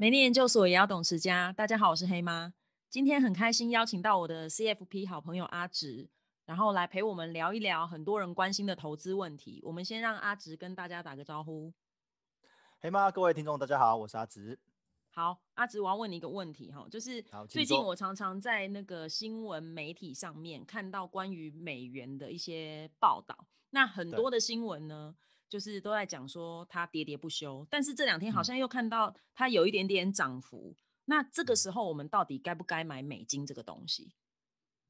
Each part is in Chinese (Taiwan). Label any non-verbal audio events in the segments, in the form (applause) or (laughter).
沒念研究所也要懂持家，大家好，我是黑媽。今天很開心邀請到我的 CFP 好朋友阿植，然後來陪我們聊一聊很多人關心的投資問題。我們先讓阿植跟大家打個招呼。黑媽，各位聽眾，大家好，我是阿植。好，阿植，我要問你一個問題哈，就是最近我常常在那個新聞媒體上面看到關於美元的一些報道，那很多的新聞呢，就是都在講說他跌跌不休，但是這兩天好像又看到他有一點點漲幅，嗯。那這個時候我們到底該不該買美金這個東西？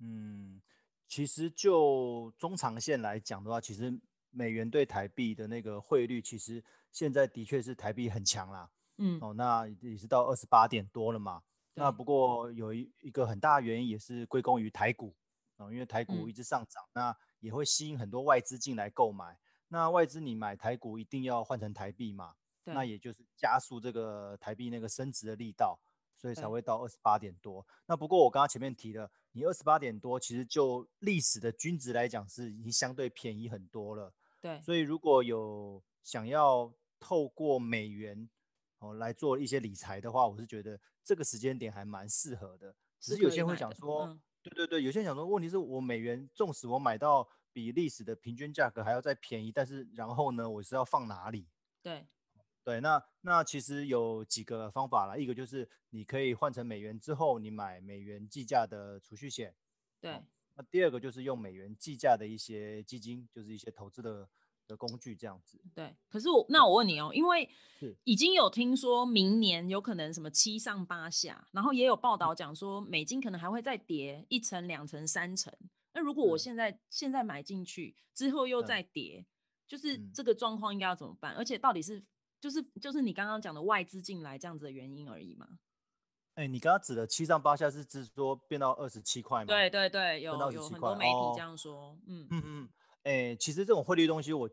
嗯，其實就中長線來講的話，其實美元對台幣的那個匯率，其實現在的確是台幣很強啦。嗯，哦，那也是到二十八點多了嘛。那不過有一一個很大的原因也是歸功於台股啊，哦，因為台股一直上漲，嗯，那也會吸引很多外資進來購買。那外資你買台股一定要換成台幣嘛？對，那也就是加速這個台幣那個升值的力道，所以才會到二十八點多。那不過我剛剛前面提了，你二十八點多其實就歷史的均值來講是已經相對便宜很多了。對，所以如果有想要透過美元哦來做一些理財的話，我是覺得這個時間點還蠻適合的。是可以買的，只是有些人會想說、嗯，對對對，有些人想說，問題是我美元，縱使我買到。比歷史的平均價格還要再便宜，但是，然後呢，我是要放哪裡？對，對，那那其實有幾個方法啦，一個就是你可以換成美元之後，你買美元計價的儲蓄險。對，嗯，那第二個就是用美元計價的一些基金，就是一些投資的的工具這樣子。對，可是我那我問你哦，因為已經有聽說明年有可能什麼七上八下，然後也有報道講說美金可能還會再跌一層、兩層、三層。那如果我現在、嗯、現在買進去之後又再跌，嗯、就是這個狀況應該要怎麼辦、嗯？而且到底是就是就是你剛剛講的外資進來這樣子的原因而已嗎？哎、欸，你剛剛指的七上八下是只說變到二十七塊嗎？對對對，有有很多媒體這樣說。嗯、哦、嗯嗯，哎、嗯嗯欸，其實這種匯率東西，我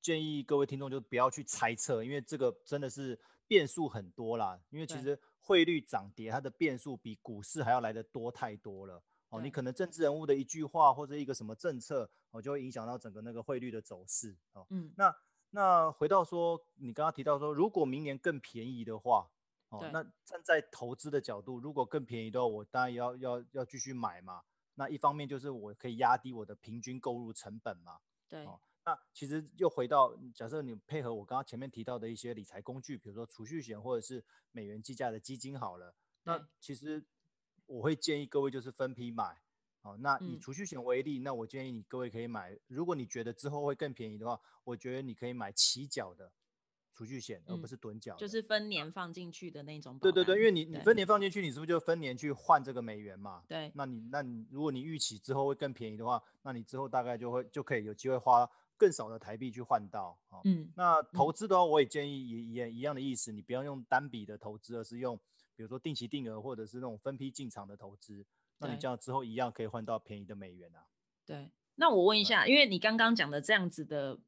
建議各位聽眾就不要去猜測，因為這個真的是變數很多啦。因為其實匯率漲跌它的變數比股市還要來得多太多了。哦，你可能政治人物的一句話或者一個什麼政策，哦，就會影響到整個那個匯率的走勢，哦，嗯，那那回到說，你剛剛提到說，如果明年更便宜的話，哦，那站在投資的角度，如果更便宜的話，我當然要要要繼續買嘛。那一方面就是我可以壓低我的平均購入成本嘛，對。哦，那其實又回到，假設你配合我剛剛前面提到的一些理財工具，比如說儲蓄險或者是美元計價的基金，好了，那其實。我會建議各位就是分批買，好，哦，那以儲蓄險為例，嗯，那我建議你各位可以買，如果你覺得之後會更便宜的話，我覺得你可以買期繳的儲蓄險，而不是躉繳，嗯，就是分年放進去的那種。對，對對對，因為你你分年放進去，你是不是就分年去換這個美元嘛？對，那你那你如果你預期之後會更便宜的話，那你之後大概就會就可以有機會花更少的台幣去換到。嗯，那投資的話，我也建議也也一樣的意思，嗯。你不要用單筆的投資，而是用比如說定期定額或者是那種分批進場的投資，那你這樣之後一樣可以換到便宜的美元啊。對，對。那我問一下，因為你剛剛講的這樣子的。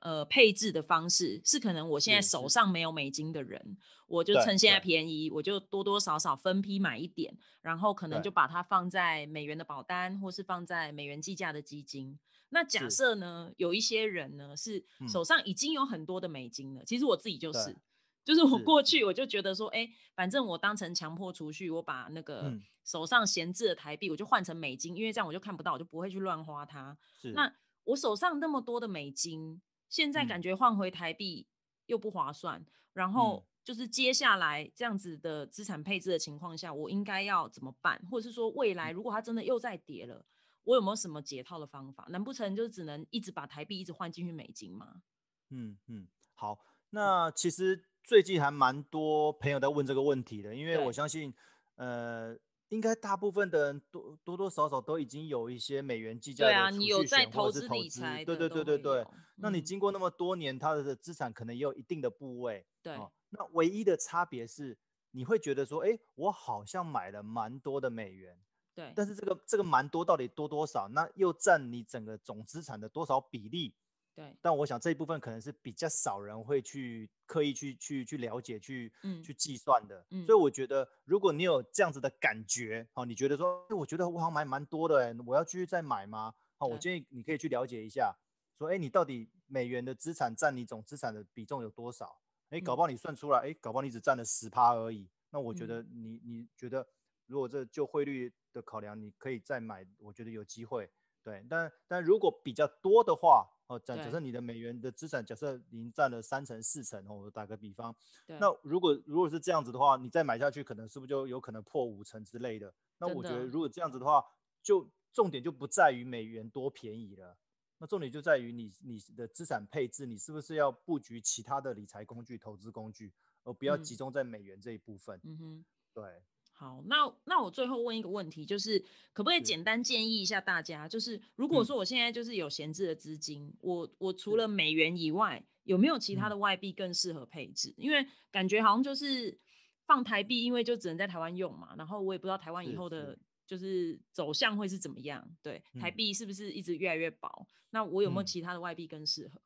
呃，配置的方式是可能我現在手上沒有美金的人，我就趁現在便宜，我就多多少少分批買一點，然後可能就把它放在美元的保單，或是放在美元計價的基金。那假設呢，有一些人呢是手上已經有很多的美金了，嗯、其實我自己就是，就是我過去我就覺得說，哎，反正我當成強迫儲蓄，我把那個手上閒置的台幣，我就換成美金，嗯，因為這樣我就看不到，我就不會去亂花它。那我手上那麼多的美金。現在感覺換回台幣又不划算，嗯，然後就是接下來這樣子的資產配置的情況下，嗯，我應該要怎麼辦？或者是說，未來如果它真的又再跌了，我有沒有什麼解套的方法？難不成就只能一直把台幣一直換進去美金嗎？嗯嗯，好，那其實最近還蠻多朋友在問這個問題的，因為我相信，呃。應該大部分的人多多多少少都已經有一些美元計價的儲蓄，或者是投資，對、啊、你有在投資理財的對對對對。那你經過那麼多年，他、嗯、的資產可能也有一定的部位。對，哦、那唯一的差別是，你會覺得說，哎，我好像買了蠻多的美元。對，但是這個這個蠻多到底多多少？那又占你整個總資產的多少比例？對，但我想這一部分可能是比較少人會去刻意去去去了解，去嗯去計算的、嗯，所以我覺得如果你有這樣子的感覺，好、哦，你覺得說，誒我覺得我好像買蠻多的誒，我要繼續再買嗎？好、哦，我建議你可以去了解一下，說，哎，你到底美元的資產佔你總資產的比重有多少？哎，搞不好你算出來，哎、嗯，搞不好你只佔了十趴而已。那我覺得你、嗯、你覺得如果這就匯率的考量，你可以再買，我覺得有機會。對，但但如果比較多的話，哦、呃，假假設你的美元的資產，假設已經占了三成、四成，哦，我打個比方，那如果如果是這樣子的話，你再買下去，可能是不是就有可能破五成之類的？那我覺得如果這樣子的話，就重點就不在於美元多便宜了，那重點就在於你你的資產配置，你是不是要布局其他的理財工具、投資工具，而、呃、不要集中在美元這一部分？嗯，對。好，那那我最後問一個問題，就是可不可以簡單建議一下大家，是就是如果說我現在就是有閒置的資金，嗯、我我除了美元以外，有沒有其他的外幣更適合配置？嗯、因為感覺好像就是放台幣，因為就只能在台灣用嘛，然後我也不知道台灣以後的就是走向會是怎麼樣，對，台幣是不是一直越來越薄？嗯、那我有沒有其他的外幣更適合？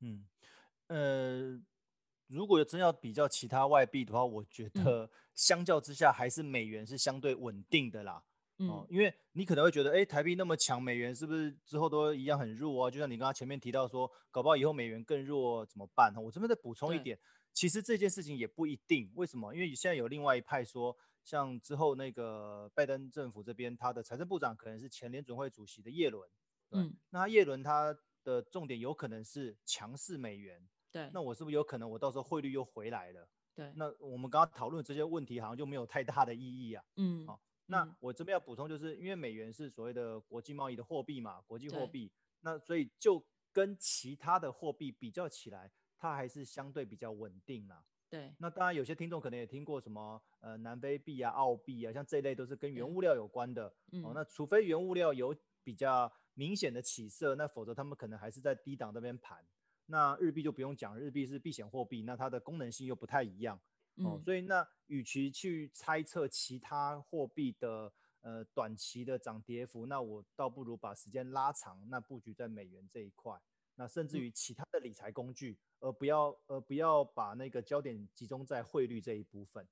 嗯，呃。如果真要比較其他外幣的話，我覺得相較之下、嗯、還是美元是相對穩定的啦。嗯，因為你可能會覺得，哎、欸，台幣那麼強，美元是不是之後都一樣很弱啊、哦？就像你剛剛前面提到說，搞不好以後美元更弱怎麼辦？我這邊再補充一點，其實這件事情也不一定。為什麼？因為現在有另外一派說，像之後那個拜登政府這邊，他的財政部長可能是前聯準會主席的耶倫。嗯，那他耶倫他的重點有可能是強勢美元。那我是不是有可能我到時候匯率又回來了？對，那我們剛剛討論這些問題好像就沒有太大的意義啊。嗯，好，哦，那我這邊要補充，就是因為美元是所謂的國際貿易的貨幣嘛，國際貨幣，那所以就跟其他的貨幣比較起來，它還是相對比較穩定啊。對，那當然有些聽眾可能也聽過什麼呃南非幣啊、澳幣啊，像這一類都是跟原物料有關的。嗯，哦，那除非原物料有比較明顯的起色，那否則他們可能還是在低檔這邊盤。那日幣就不用講，日幣是避險貨幣，那它的功能性又不太一樣哦、嗯。所以那與其去猜測其他貨幣的呃短期的漲跌幅，那我倒不如把時間拉長，那布局在美元這一塊，那甚至於其他的理財工具、嗯，而不要呃不要把那個焦點集中在匯率這一部分。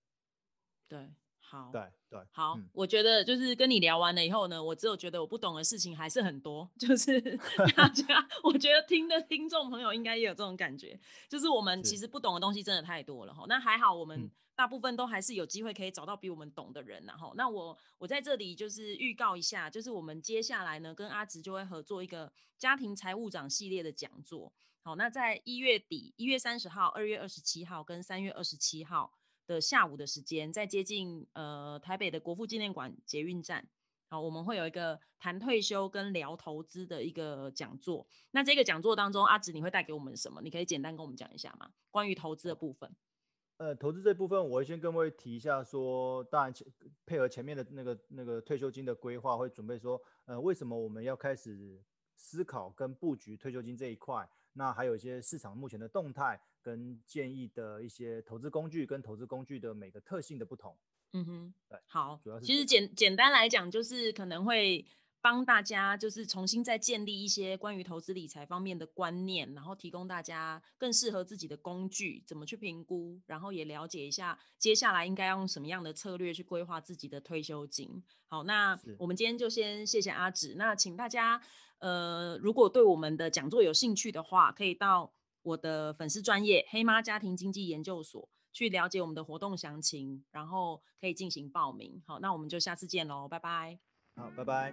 對。好，對對，好、嗯，我覺得就是跟你聊完了以後呢，我只有覺得我不懂的事情還是很多，就是大家， (laughs) 我覺得聽的聽眾朋友應該也有這種感覺，就是我們其實不懂的東西真的太多了哈。那還好，我們大部分都還是有機會可以找到比我們懂的人、啊，然、嗯、後那我我在這裡就是預告一下，就是我們接下來呢跟阿植就會合作一個家庭財務長系列的講座，好，那在一月底一月三十號、二月二十七號跟三月二十七號，的下午的時間，在接近呃台北的國父紀念館捷運站，好，我們會有一個談退休跟聊投資的一個講座。那這個講座當中，阿、啊、植你會帶給我們什麼？你可以簡單跟我們講一下嗎？關於投資的部分。呃，投資這部分我會先跟各位提一下說，說當然配合前面的那個那個退休金的規劃，會準備說，呃，為什麼我們要開始思考跟布局退休金這一塊？那還有一些市場目前的動態跟建議的一些投資工具，跟投資工具的每個特性的不同。嗯哼，對，好，主要是其實簡簡單來講就是可能會。幫大家就是重新再建立一些關於投資理財方面的觀念，然後提供大家更適合自己的工具，怎麼去評估，然後也了解一下接下來應該用什麼樣的策略去規劃自己的退休金。好，那我們今天就先謝謝阿植。那請大家，呃，如果對我們的講座有興趣的話，可以到我的粉絲專頁黑媽家庭經濟研究所去了解我們的活動詳情，然後可以進行報名。好，那我們就下次見嘍，拜拜。好，拜拜。